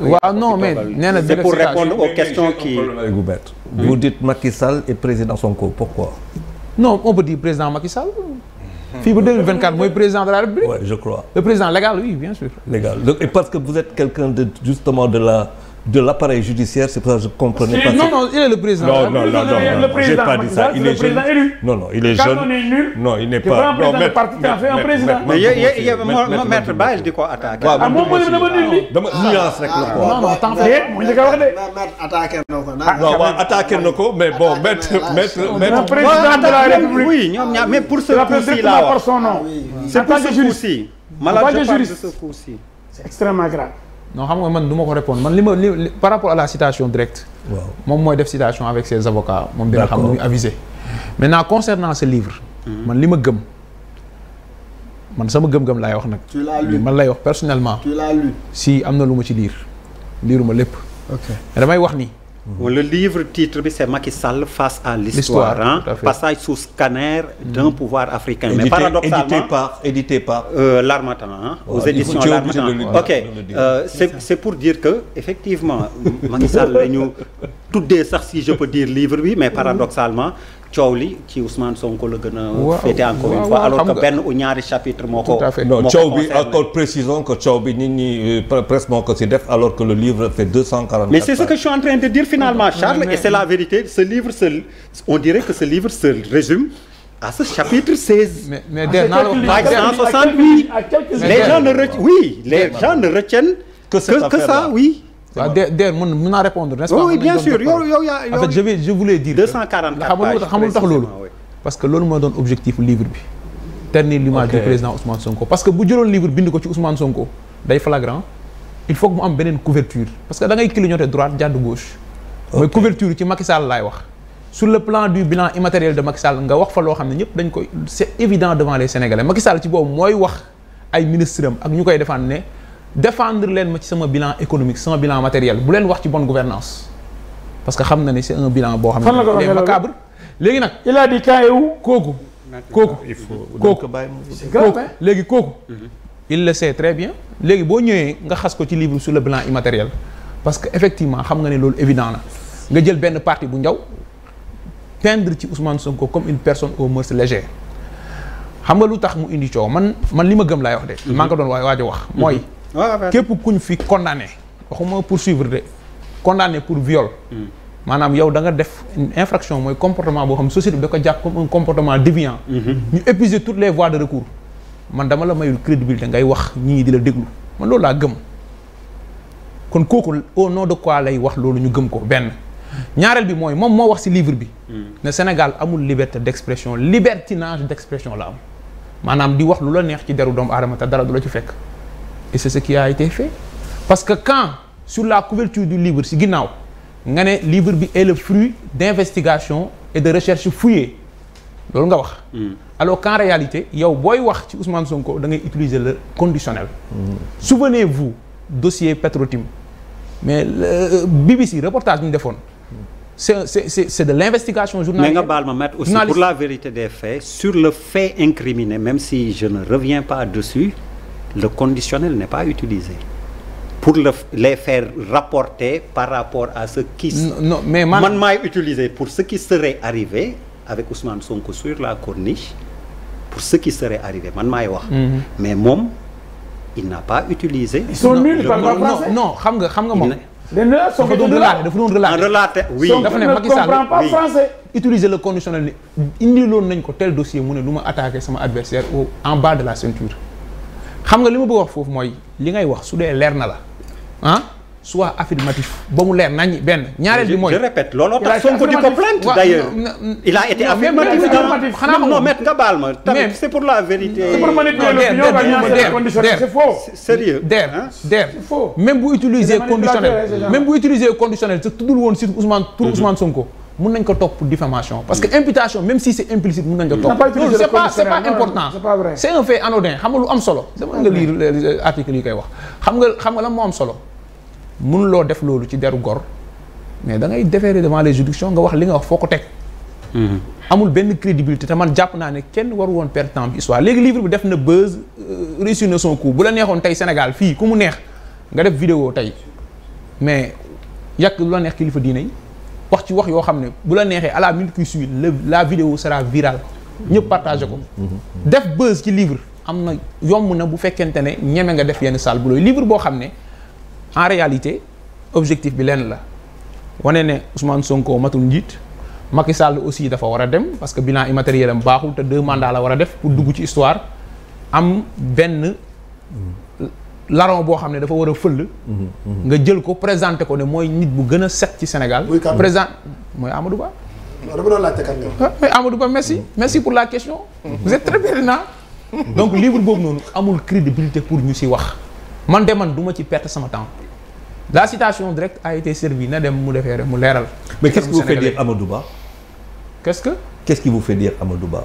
waaw non mais nee na c'est pour répondre aux questions qui. vous dites Macky Sall et président Sonko pourquoi. non on peut dire président Macky Sall. fii ba 2024 mooy président de la République. oui je crois. le président légal oui bien sûr. légal donc vous êtes quelqu'un de justement de la. de l'appareil judiciaire, c'est pour ça je ne comprenais est le président. Non, non, non, non, non, non j'ai pas dit Il est, jeune. Non, il n'est pas. maître Bage di quoi. Non, non, attends, eh, mais bon, maître maître maître président de la République. mais pour ce coup-ci là. C'est pour ce coup-ci. Malade, C'est extrêmement grave. non xam nga man du ma ko répondre man li ma li par rapport à la citation directe. waaw moom mooy def citation avec ses avocats. moom dina xam nu muy avisé. maintenant concernant ce livre. Mhm. man li ma gëm. man sama gëm-gëm laay wax nag. tu l'as lu man lay wax personnellement. tu l'as lu si am na lu ma ci liir liiruma lépp. ok damay wax ni. le livre titre bi c'est Macky Sall face à l'histoire passage sous scanner d'un mm-hmm. pouvoir africain édité, mais paradoxalement édité par édité par euh, l'Harmattan hein aux éditions l'Harmattan OK euh, c'est pour dire que effectivement Macky Sall la ñu tuddee sax si je peux dire livre bi mais paradoxalement coow li ci Ousmane Sonko la gën a féete encore une fois alors que benn ou ñaari chapitre moo ko non coow bi encore précisons que coow bi ni ñi euh, presque moo ko si def alors que le livre fait deux cent quarante mais c'est ce que je suis en train de dire finalement Charles et ce livre se résume à ce chapitre 16 mais mais page 168 le gens ne retiennent oui les gens ne retiennent que ça oui waaw ah, DER mën mën naa répondre n'est-ce pas. oui bien sûr yow yow yaa yow en fait je vais je voulais dire. 244 pages xam lu tax loolu. parce que loolu moo doon objectif livre bi. ternir l'image du président Ousmane Sonko parce que bu jëloon livre bind ko ci Ousmane Sonko day flagrant il faut que mu am beneen couverture parce que da ngay clignoter droite jàdd gauche. mooy couverture ci Macky Sall laay wax. sur le plan du bilan immatériel de Macky Sall nga wax fa loo xam ne ñëpp dañ koy c'est évident devant les Sénégalais Macky Sall ci boobu mooy wax ay ministres am ak ñu koy defaan ne. défendre leen ma ci sama bilan économique sama bilan matériel bu leen wax ci bonne gouvernance parce que xam na ne c'est un bilan boo xam ne macabre léegi nag il a dit kayewu kooku kooku kooku kooku léegi kooku mhm. il le sait très bien léegi boo ñëwee nga xas ko ci livre sur le bilan immatériel parce que effectivement xam nga ne loolu évident na nga jël benn parti bu ndaw peindre ci Ousmane ko comme une personne aux mœurs légères xam nga lu tax mu indi coow man man li ma gëm laay wax de maa ngi ko doon waay waaj a wax mhm. mooy képp kuñ fi condamné waxuma poursuivre de condamné pour viol hmm. maanaam yow da nga def infraction mooy comportement boo xam société bi da ko jàpp comme un comportement déviant mhm. ñu épuiser toutes les voies de recours man dama la mayul crédibilité ngay wax ñii di la déglu man loolu laa gëm kon kooku au nom de quoi lay wax loolu ñu gëm ko benn ñaareel bi mooy moom moo wax ci livre bi hmm. ne Sénégal amul liberté d'expression libertinage d'expression la am maanaam di wax lu la neex ci deru doomu aadama te dara du la ci fekk et c'est ce qui a été fait parce que quand sur la couverture du livre si ginnaaw nga ne livre bi est le fruit d'investigation et de recherche fouillée loolu nga wax mm. alors qu'en réalité yow booy wax ci Ousmane Sonko da ngay utiliser le conditionnel mmh. souvenez-vous dossier Petrotim mais le, euh, BBC reportage bi ñu defoon c'est c'est c'est de l'investigation journalistique mais nga baal ma mettre aussi pour la vérité des faits sur le fait incriminé même si je ne reviens pas dessus le conditionnel ne pas utiliser pour le les faire rapporter par rapport à ce qui mais man maay utiliser pour ce qui serait arrivé avec Ousmane Sonko sur la corniche pour ce qui serait arrivé man maay wax mhm. mais moom il n'a pas utilisé non xam nga xam nga moom dafa doon relater dafa doon relater oui dafa ne Macky Sall utiliser le conditionnel ne indi loon nañ ko tel dossier mu ne lu ma attaqué sama adversaire au en bas de la ceinture xam nga li ma bëgg wax foofu mooy li ngay wax su dee leer na la ah soit affirmatif ba mu leer nañ benn ñaareel bi mooy. je répète looloo tax nga baal ma tamit c'est pour la vérité c'est pour manipuler l'opinion c'est faux sérieux der der même bu utiliser conditionnel même bu utiliser conditionnel sa tuddul woon surtout Ousmane pour mm-hmm. Ousmane Sonko mun nañ ko topp diffamation parce que imputation même si c'est implicite mun nañ ko topp loolu c'est pas c'est pas important c'est un fait anodin xam nga lu am solo dama nga lire euh, euh, article yi koy wax xam nga xam nga lan moo am solo mun loo def loolu ci deru gor mais da ngay déférer devant les juridictions nga wax li nga wax foo ko teg mhm. amul benn crédibilité te man jàpp naa ne kenn waru woon perdre temps bi histoire léegi livre bi def na buzz euh, réussir na son coup bu la neexoon tey Sénégal fii ku mu neex nga def vidéo tey mais yàq lu kilifa diine yi wax ci wax yoo xam ne bu la neexee à la minute qui suit la vidéo sera virale ñëpp partagé ko def buzz ci livre am na yomb na bu fekkente ne ñeme nga def yenn saal bu looy livre boo xam ne en réalité objectif bi lenn la wane ne Ousmane Sonko matul njiit Macky Sall aussi dafa war a dem parce que bilan immatériel am baaxul te deux mandats la war a def pour dugg ci histoire am benn larron boo xam ne dafa war a fëll. Mhm, mhm. nga jël ko présenté ko ne mooy nit bu gën a set ci Sénégal. présent mooy Amadou Ba. non ah, Ba merci mhm. merci pour la question. vous êtes très pertinent. donc livre boobu noonu amul crédibilité pour ñu si wax. man de man du ma ci perte sama temps. la citation directe a été servie na dem mu defee rek mu leeral. mais qu'est-ce qui vous fait dire Amadou Ba. qu'est-ce que. qu'est-ce qui vous fait dire Amadou Ba.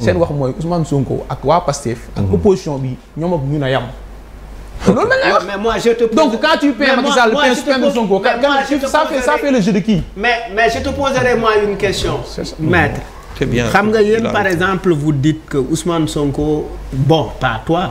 seen wax mooy Ousmane Sonko ak waa Pastef ak mhm. opposition bi ñoom ak ñun a yem. loolu la ñuy wax donc quand tu perds Macky Sall tu perds Sonko ça fait ça fait le jeu de qui. mais mais je te poserai moi une question. maître. très xam nga yéen par exemple vous dites que Ousmane Sonko bon pas toi.